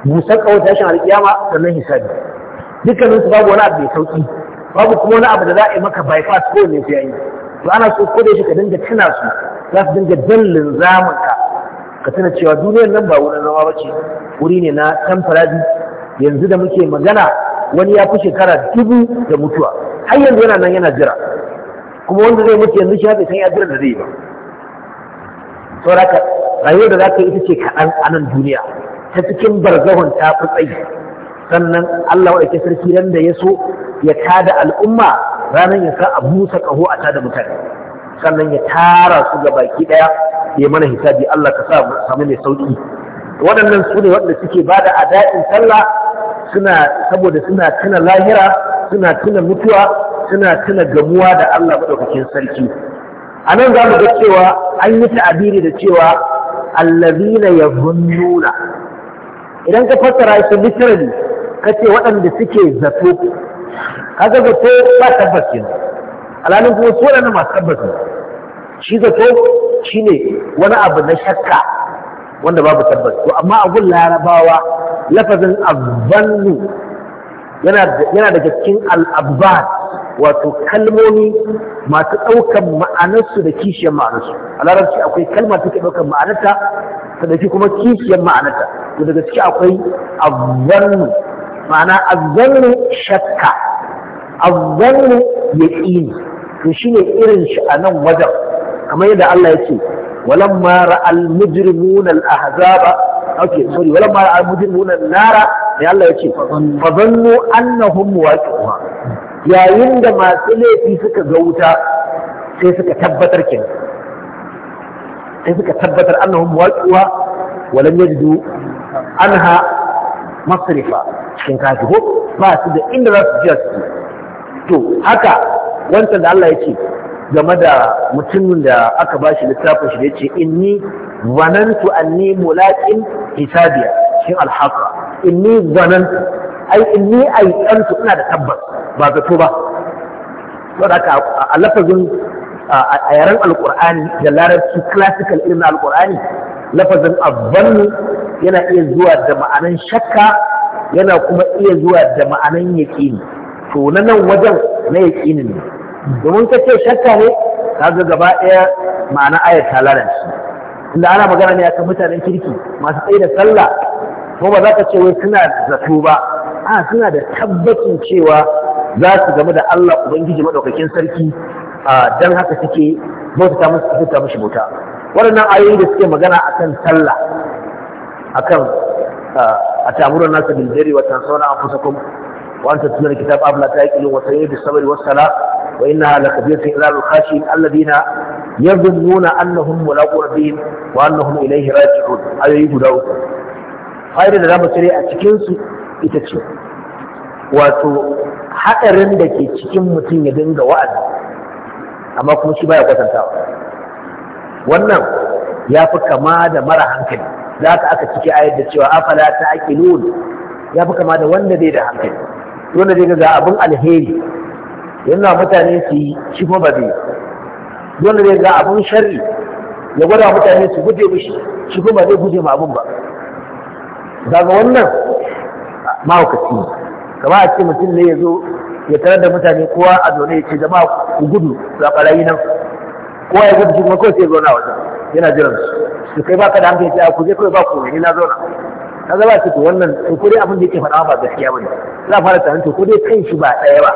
S1: busar ƙaho da tashin alkiyama sannan hisabi dukkanin su babu wani abu mai sauki babu kuma wani abu da za a yi maka bypass ko ne sai yi to ana so ko da shi ka dinga tuna su za su dinga dallin zamun ka ka tuna cewa duniyar nan ba wurin zama bace wuri ne na temporary yanzu da muke magana wani ya fi shekara dubu da mutuwa har yanzu yana nan yana jira kuma wanda zai mutu yanzu shi haka san ya jira da zai ba saboda rayuwar da za ka yi ita ce kaɗan anan duniya ta cikin barzahon ta fi tsayi sannan Allah wa sarki ran da ya so ya kada al'umma ranar ya sa a busa kaho a tada mutane sannan ya tara su ga baki ɗaya, ya mana hisabi Allah ka sa samu ne sauki waɗannan su ne waɗanda suke ba da daɗin sallah suna saboda suna tuna lahira suna tuna mutuwa suna tuna gamuwa da Allah madaukakin sarki a nan za mu ga cewa an yi ta'abiri da cewa allazina yazunnuna idan ka fassara shi literally kace waɗanda suke zato kaga zato ba tabbas kenan alhalin kuma su waɗannan masu tabbas ne shi zato shine wani abu na shakka wanda babu tabbas to amma a gun larabawa lafazin azzannu yana daga cikin al'abbar wato kalmomi masu ɗaukar ma'anarsu da kishiyar ma'anarsu a larabci akwai kalma take ɗaukar ma'anarta ta ɗauki kuma kishiyar ma'anarta to daga ciki akwai azzannu ma'ana azzannu shakka azzannu yaqini to shine irin shi a nan wajen kamar yadda Allah yake walamma ra'al mujrimuna al-ahzaba okay sorry walamma ra'al mujrimuna an-nara sai Allah yake fa zannu annahum waqi'uha yayin da masu laifi suka ga wuta sai suka tabbatar kin sai suka tabbatar annahum waqi'uha walam yajidu anha masrifa cikin kafi ko ba su da inda za su jiya su to haka wancan da Allah ya ce game da mutumin da aka ba shi littafin shi da ya ce inni zanantu anni mulaqin hisabiya shin alhaqa inni zanantu ai inni aikantu ina da tabbas ba zato ba saboda haka a lafazin a yaren alkur'ani da larabci classical irin alkur'ani lafazin abbannu yana iya zuwa da ma'anan shakka yana kuma iya zuwa da ma'anan yaƙini to na nan wajen na yaƙinin ne domin ka ce shakka ne ga gaba ɗaya ma'ana ayat ta lalace inda ana magana ne akan mutanen kirki masu tsaye da sallah ko ba za ka ce wai suna zato ba a suna da tabbacin cewa za su game da Allah Ubangiji maɗaukakin sarki dan haka suke bauta musu bauta mushi bauta waɗannan ayoyi da suke magana akan sallah akan atamuru nasu bil jari saura tansawna anfusakum wa anta tunal kitab abla taqilu wa tayyib sabri wa sala wa inna la kabiratu ila al khashin alladina yadhunnuna annahum mulaqu rabbihim wa annahum ilayhi raji'un ayi gudau fa'ida da zamu tare a cikin su ita ce wato hadarin da ke cikin mutum ya dinga wa'azi amma kuma shi baya kwatantawa wannan ya fi kama da mara hankali Za haka aka cike ayar da cewa afala ta ake nuna ya fi kama da wanda bai da hankali wanda zai ga abin alheri yana mutane su yi shi kuma ba zai wanda zai ga abin sharri ya gwada mutane su guje mishi shi kuma ba zai guje ma abin ba ga wannan mahaukaci ne kama a ce mutum ne ya zo ya tarar da mutane kowa a zaune ya ce jama'a ku gudu ga ɓarayi nan kowa ya gudu shi kuma kawai sai ya zauna wajen yana jiran su to kai baka da hankali sai ku je kawai ba ku ne na zauna ka zaba ce to wannan ko dai abin da yake faɗa ba gaskiya bane za a fara tunanin to ko dai kan shi ba ɗaya ba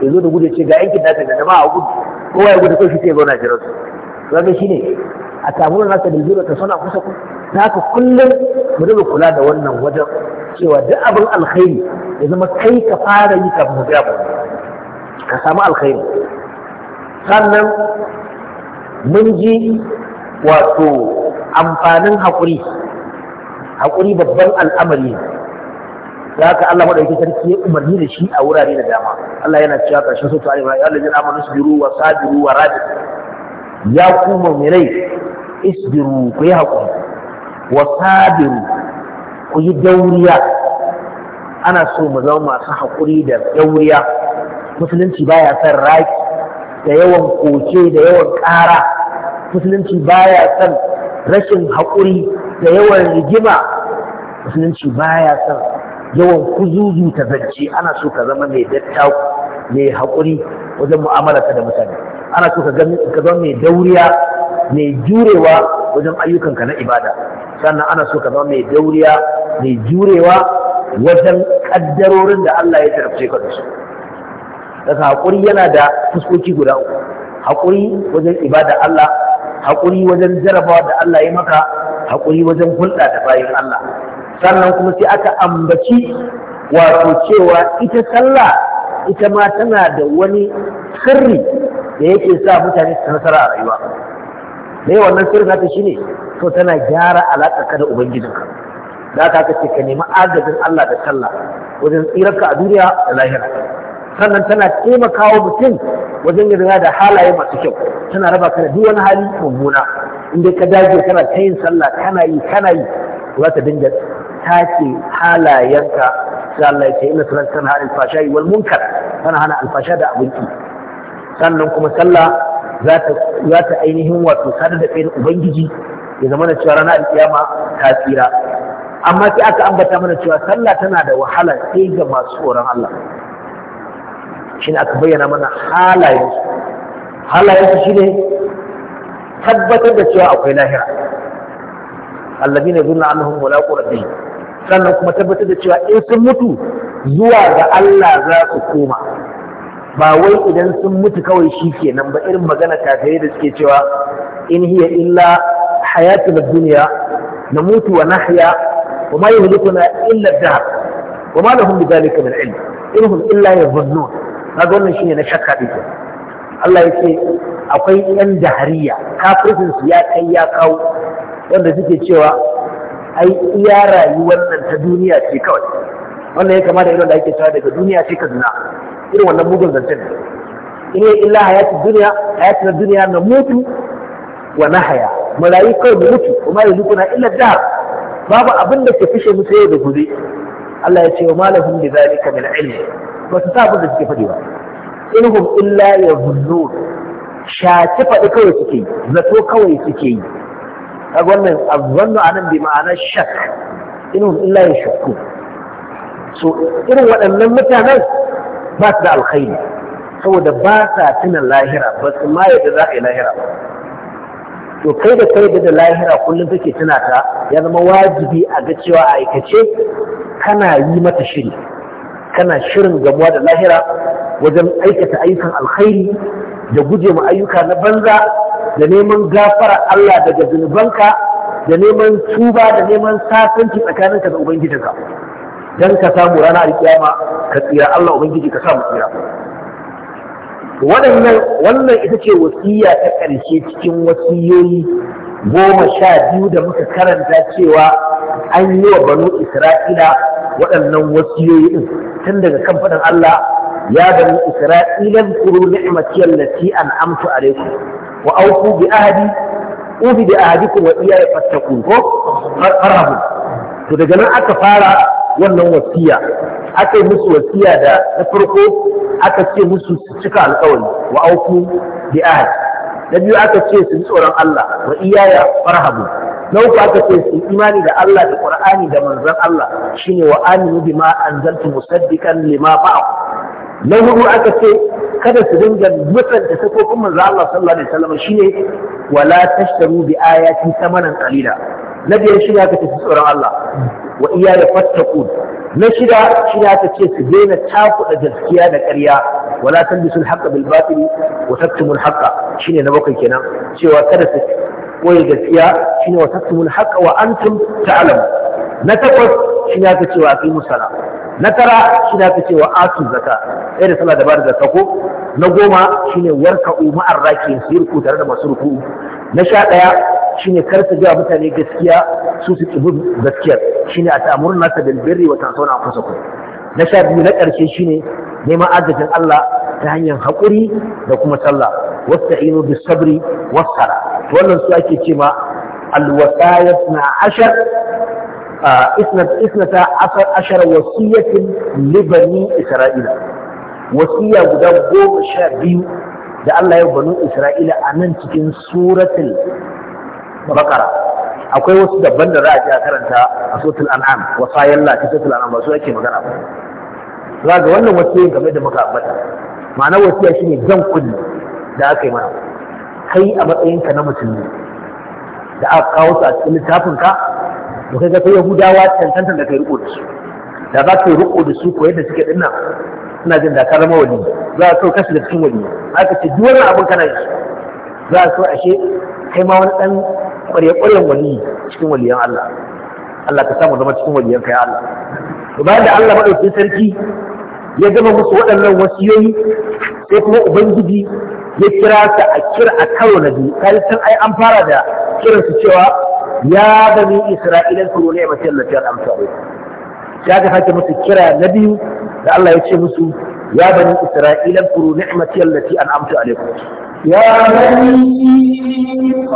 S1: ya zo da gudu ce ga yankin da da jama'a a gudu kowa ya gudu kai shi sai zauna jiran su zama shi ne a samu na nasa da zuwa ta sana kusa ku ta ka kullum mu dinga kula da wannan wajen cewa duk abin alkhairi ya zama kai ka fara yi kafin mu gaba ka samu alkhairi sannan mun ji wato amfanin haƙuri haƙuri babban al'amari za ka Allah maɗauki sarki ya umarni da shi a wurare da dama Allah yana cewa ƙarshen sautu arewa ya lajin amanu su wa sabiru wa rabi ya ku mu'minai isbiru ku yi haƙuri wa sabiru ku yi dauriya ana so mu zama masu haƙuri da dauriya musulunci baya son raki da yawan koke da yawan ƙara musulunci baya son rashin haƙuri da yawan rigima musulunci baya son yawan kuzuzu ta zance ana so ka zama mai dattaku mai haƙuri wajen mu'amalarka da mutane ana so ka zama mai dauriya mai jurewa wajen ayyukanka na ibada sannan ana so ka zama mai dauriya mai jurewa wajen ƙaddarorin da Allah ya tarafce ka da su daga haƙuri yana da fuskoki guda uku haƙuri wajen ibada Allah haƙuri wajen jarabawa da Allah ya maka haƙuri wajen hulɗa da bayan Allah sannan kuma sai aka ambaci wato cewa ita sallah ita ma tana da wani sirri da yake sa mutane su nasara a rayuwa me wannan sirrin haka shine to tana gyara alaƙa ka da ubangijinka da ka ce ka nemi agajin Allah da sallah wajen tsirarka a duniya da lahira sannan tana taimakawa mutum wajen yarda da halaye masu kyau tana raba ka da duk wani hali mummuna inda ka dage kana ta yin sallah kana yi kana yi za ta dinga tace halayenka sai Allah ya ce inna salata tana hana alfasha wal munkar tana hana alfasha da abinci sannan kuma sallah za ta ainihin wato sadar da kai na ubangiji ya zama da cewa ranar alkiyama ta tsira amma sai aka ambata mana cewa sallah tana da wahala sai ga masu tsoron Allah shi aka bayyana mana halayensu
S3: halayensu shi ne
S1: tabbatar da cewa akwai lahira allabi ne zunna annahum da rabbihim sannan kuma tabbatar da cewa in sun mutu zuwa ga Allah za su koma ba wai idan sun mutu kawai shi ke nan ba irin magana kafirai da suke cewa in hiya illa duniya, na namutu wa nahya wa ma yuhlikuna illa ad-dahr wa ma lahum bidhalika min ilm in hum illa yadhunnun kaga wannan ne na shakka dake Allah ya ce akwai yan dahariya kafircin su ya kai ya kawo wanda suke cewa ai iya rayuwar nan ta duniya ce kawai wannan ya kama da irin da ake cewa daga duniya ce ka zina irin wannan mugun zancen in yi illa hayati duniya hayatu na duniya na mutu wa na haya malayi kawai mu mutu kuma yanzu kuna illa da babu abin da ke fishe mu yau da gobe Allah ya ce wa malahum bi zalika min ilmi ba su sabu da suke faɗi ba inhum illa yazunnun shaci faɗi kawai suke yi zato kawai suke yi a wannan azzannu anan bi ma'ana shak inhum illa yashakku so irin waɗannan mutanen ba su da alkhairi saboda ba sa tunan lahira ba su ma yadda za a yi lahira ba to kai da kai da lahira kullum take tana ta ya zama wajibi a ga cewa a aikace kana yi mata shiri kana shirin gamuwa da lahira wajen aikata ayyukan alkhairi da guje ma ayyuka na banza da neman gafara Allah daga zunubanka da neman tuba da neman sasanci tsakaninka da ubangijinka dan ka samu ranar alkiyama ka tsira Allah ubangiji ka samu tsira waɗannan wannan ita ce wasiya ta ƙarshe cikin wasiyoyi goma sha biyu da muka karanta cewa an yi wa banu isra'ila waɗannan wasiyoyi ɗin tun daga kan faɗin Allah ya banu isra'ila kuru ni'mati allati an'amtu alaykum wa awfu bi ahdi ubi bi ahdikum wa iyaya fattaqun ko to daga nan aka fara wannan wasiya aka yi musu wasiya da na farko aka ce musu su cika alkawari wa auku bi ahad na biyu aka ce su tsoron Allah wa iyaya farhabu na uku aka ce su imani da Allah da Qur'ani da manzon Allah shine wa aminu bima anzaltu musaddiqan lima ma'ahu na hudu aka ce kada su dinga mutunta sakokun manzon Allah sallallahu alaihi wasallam shine wala tashtaru bi ayati samanan qalila na biyar shi ne aka ce su tsoron Allah wa iya ya fattaku na shida shi ne aka ce su daina takuɗa gaskiya da ƙarya wala talbisul haqqa bil batili wa taktumul haqqa shine na bakwai kenan cewa kada su koyi gaskiya shine wa taktumul haqqa wa antum ta'lamu na takwas shi ne aka ce wa aqimus sala na tara shi ne aka ce wa atu zaka ɗaya da sallah da ba bada zakka ko na goma shine warka ma'arrakin su yirku tare da masu ruku na sha ɗaya shine kar su ga mutane gaskiya su su kibu gaskiyar shine a ta'amurun nasa bil birri wa tansawna anfusakum na sha biyu na ƙarshe shine neman agajin Allah ta hanyar hakuri da kuma sallah wasta'inu bis sabri was sala wannan su ake cewa al wasayat na ashar isnata ashara wasiyatin libani isra'ila wasiya guda goma sha biyu da Allah ya banu isra'ila a nan cikin suratul bakara akwai wasu daban da za a ji a karanta a sotul an'am wasayen lati sotul an'am ba su ake magana ba za ga wannan wasu yin game da muka ambata ma'anar shi shine jan kulli da aka yi mana kai a matsayinka na musulmi da aka kawo su a cikin littafinka, da kai ga sai yahudawa cancantar da kai riko da su da za ka yi riko da su ko yadda suke dinnan suna jin da ka zama wali za a so kashi da cikin wali aka ce duk wani abin kana yi za a so ashe kai ma wani dan ƙwarya-ƙwaryan wali cikin waliyan Allah Allah ka samu zama cikin waliyan ka ya Allah to bayan da Allah madaukakin sarki ya gama musu waɗannan wasiyoyi sai kuma ubangiji ya kira ta a kira a karo na biyu kai san ai an fara da kiran su cewa ya bani isra'ila kuru ne mace Allah ta amsa bai sai aka sake musu kira na biyu da Allah ya ce musu ya bani isra'ila kuru ni'mati allati an'amtu alaikum
S2: يا بني إسرائيل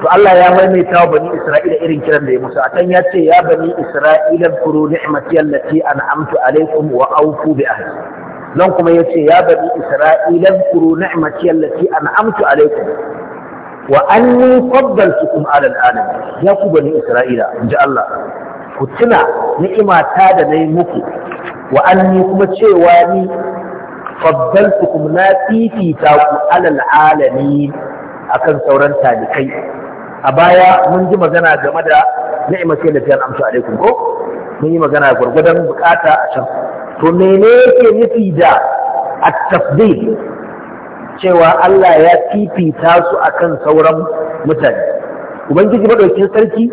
S1: to Allah ya maimaita wa bani Isra'ila irin kiran da ya musu akan ya ce ya bani Isra'ila kuru ni'mati allati an'amtu alaikum wa awfu bi ahdi nan kuma ya ce ya bari isra'ilan kuru ni'mati allati an'amtu alaikum wa anni faddaltukum alal al'alamin ya ku bani isra'ila inji Allah ku tuna ni'imata da nayi muku wa kuma cewa ni faddaltukum na fifita ku ala al'alamin akan sauran talikai a baya mun ji magana game da ni'imati allati an'amtu alaikum ko mun yi magana gwargwadon bukata a can to mene yake nufi da at cewa Allah ya fifita su akan sauran mutane ubangiji madaukin sarki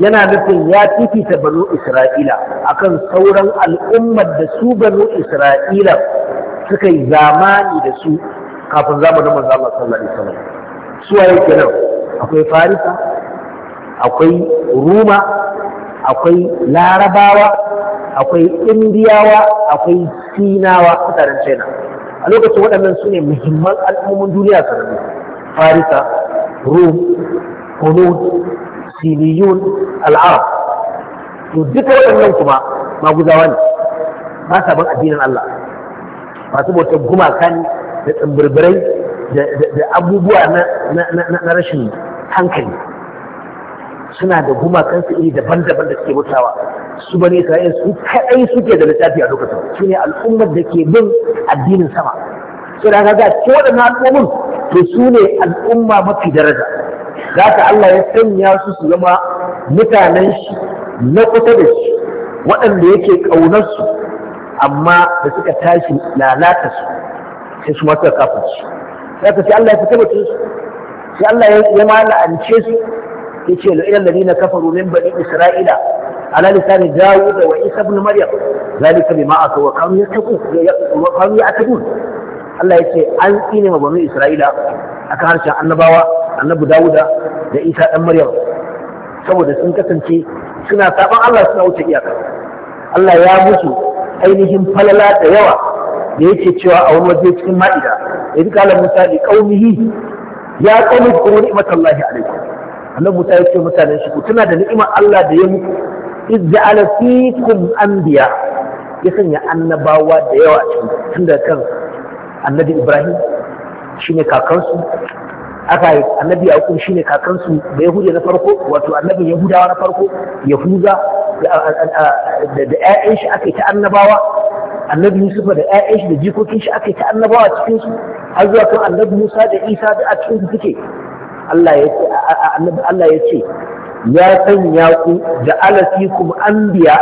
S1: yana nufin ya fifita banu isra'ila akan sauran al'ummar da su banu isra'ila suka yi zamani da su kafin zamanin manzo Allah sallallahu alaihi wasallam su waye kenan akwai farisa akwai ruma akwai larabawa akwai indiyawa akwai sinawa mutanen china a lokacin waɗannan su ne muhimman al'ummomin duniya sanannu farisa rum hunud siniyun al'arab to duka waɗannan kuma maguzawa ne ba sa ban addinin allah masu bautar gumaka ne da tsimbirbirai, da abubuwa na rashin hankali suna da gumakansu iri daban-daban da suke mutawa su bane isra'il su kaɗai suke da littafi a lokacin su ne al'ummar da ke bin addinin sama sai da ga ce waɗannan al'ummar to su ne al'umma mafi daraja za ka Allah ya sanya su su zama mutanen shi na kusa da shi waɗanda yake ƙaunarsu amma da suka tashi lalata su sai su masu kafin shi ce Allah ya fita su sai Allah ya mala'ance su yace la ilal ladina kafaru min bani isra'ila ala lisan da wa isa ibn maryam zalika bima aka wa kanu yattaqu wa kanu ya'tadun Allah yace an tsine ma bani isra'ila aka harshen annabawa annabi dawuda da isa dan maryam saboda sun kasance suna saban Allah suna wuce iyaka Allah ya musu ainihin falala da yawa da yake cewa a wani waje cikin ma'ida ya ji Musa misali qaumihi ya qaumi qurun imatallahi alaikum annabi ta ya ce mutanen shi ku tuna da ni'imar Allah da ya muku iz ja'ala fikum anbiya ya sanya annabawa da yawa tun da kan annabi Ibrahim shine kakansu aka yi annabi Yaqub shine kakansu da Yahudiya na farko wato annabin Yahudawa na farko Yahuza da ƴaƴan shi aka yi ta annabawa annabi Yusuf da ƴaƴan shi da jikokin shi aka yi ta annabawa cikin su har zuwa kan annabi Musa da Isa da a cikin su suke Allah ya ce annabi Allah ya ce ya sanya ku ja'ala fikum anbiya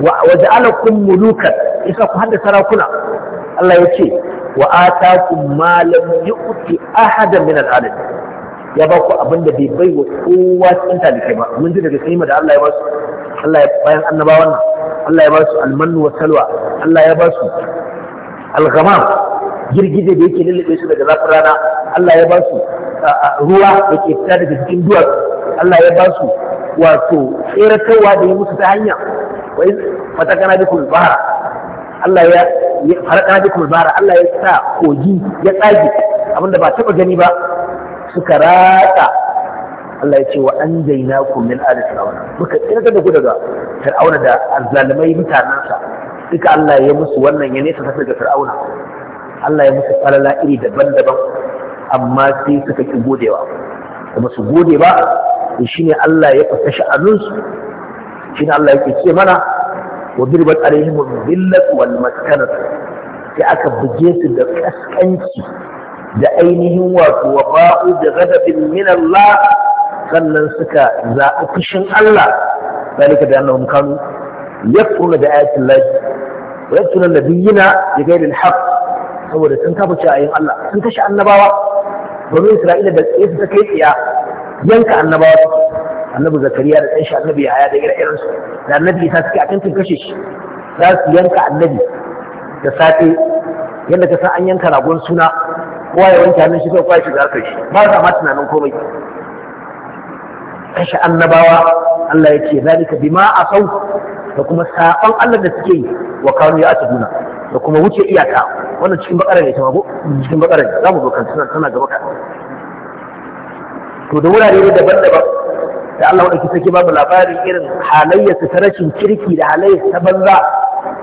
S1: wa ja'alakum mulukan isa ku hada sarakuna Allah ya ce wa ku malam lam yu'ti ahada min al'alamin ya ba ku abin da bai bai wa kowa cikin talibai ba mun ji daga kalmar da Allah ya ba su Allah ya bayan annabawan nan Allah ya ba su almannu wa salwa Allah ya ba su al-ghamam girgije da yake lullube su daga zafin rana Allah ya ba su ruwa da ke fita daga cikin duwatsu Allah ya ba su wato tseratarwa da ya musu ta hanya wai fatakana da kulbara Allah ya da kulbara Allah ya sa kogi ya tsage abinda ba taba gani ba suka rata Allah ya ce wa an zaina ku min ali fir'auna muka tsira da gudu daga fir'auna da azzalimai mutanansa duka Allah ya musu wannan ya nesa ta daga fir'auna Allah ya musu falala iri daban-daban amma sai suka ki godewa kuma su gode ba shi ne Allah ya fasa sha'anunsu shi ne Allah ya ce mana wa birbat alaihim billat wal maskanat sai aka buge su da kaskanci da ainihin wato wa ba'u da ghadabin min Allah sannan suka zaɓi fushin Allah zalika da annahum kanu yakfuruna da ayatin lahi ويقتل النبيين بغير الحق saboda sun kafa ce ayin Allah sun kashe annabawa domin Isra'ila da tsaye su ta kai tsiya yanka annabawa su annabi Zakariya da tsanshi annabi Yahaya da ire-iren su da annabi Isa suke a tantin kashe shi za su yanka annabi da safe yadda ka san an yanka ragon suna kowa ya wanke hannun shi sai kowa ya za harkar shi ba sa ma tunanin komai kashe annabawa Allah ya ce zalika bima asau da kuma saban Allah da suke yi wa kanu ya atuna da kuma wuce iyaka wannan cikin bakara ne ita cikin bakara ne za mu zo kan tana gaba ka to da wurare ne daban-daban da Allah wadda kisa ke ba mu labarin irin halayyar ta rashin kirki da halayya ta banza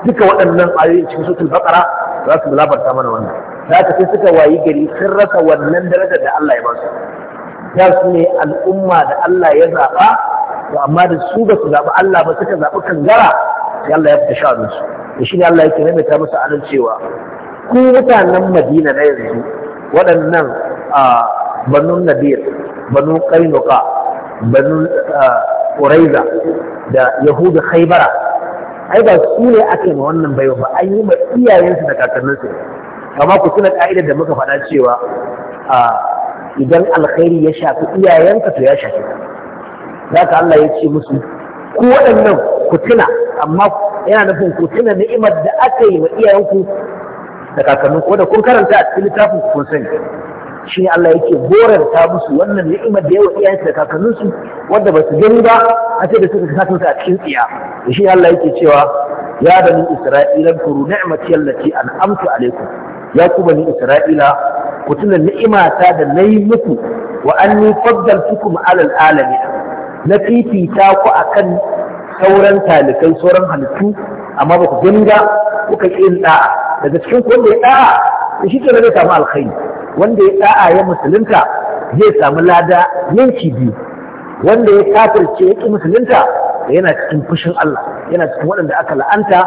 S1: duka waɗannan ayoyin cikin sutul bakara za su labarta mana wannan za ka sai suka wayi gari sun rasa wannan darajar da Allah ya ba su ya su ne al'umma da Allah ya zaɓa to amma da su ba su zaɓi Allah ba suka zaɓi kangara sai Allah ya fita sha'aninsu da shi ne Allah yake maimaita musu anan cewa ku mutanen Madina na yanzu waɗannan a banu Nadir banu Qainuqa banu Quraiza da Yahudu Khaybara ai ba su ne ake ma wannan baiwa ba an yi ma iyayensu da kakanninsu amma ku tuna ka'idar da muka faɗa cewa idan alkhairi ya shafi iyayenka to ya shafi ka zaka Allah ya ce musu ku waɗannan ku tuna amma yana nufin ku tuna ni'imar da aka yi wa iyayenku da kakannin ko da kun karanta a cikin littafin ku kun sani shi Allah yake ta musu wannan ni'imar da yawa iyayensu da kakannin su wanda ba su gani ba a ce da suka kasance a cikin tsiya shi Allah yake cewa ya bani isra'ila kuru ni'mati allati an'amtu alaikum ya ku bani isra'ila ku tuna ni'imata da nayi muku wa anni faddaltukum alal alamin na fifita ku akan sauran talikai sauran halittu amma ba ku ganga kuka yin ɗa'a daga cikin wanda ya da'a da shi kenan zai samu alkhairi wanda ya da'a ya musulunta zai samu lada yanki biyu wanda ya kafirce ya ƙi musulunta yana cikin fushin Allah yana cikin waɗanda aka la'anta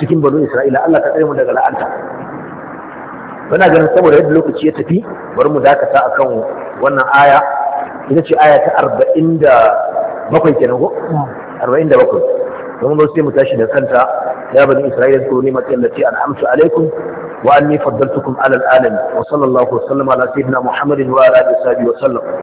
S1: cikin banu Isra'ila Allah ka tsare mu daga la'anta Bana ganin saboda yadda lokaci ya tafi bari mu dakata akan wannan aya ita ce aya ta arba'in da bakwai kenan ko 47 don zo sai mu tashi da kanta ya bani isra'ila ko ne matsayin da ce alhamdu alaikum wa anni faddaltukum ala alamin wa sallallahu wa sallama ala sayyidina muhammadin wa ala alihi wa sallam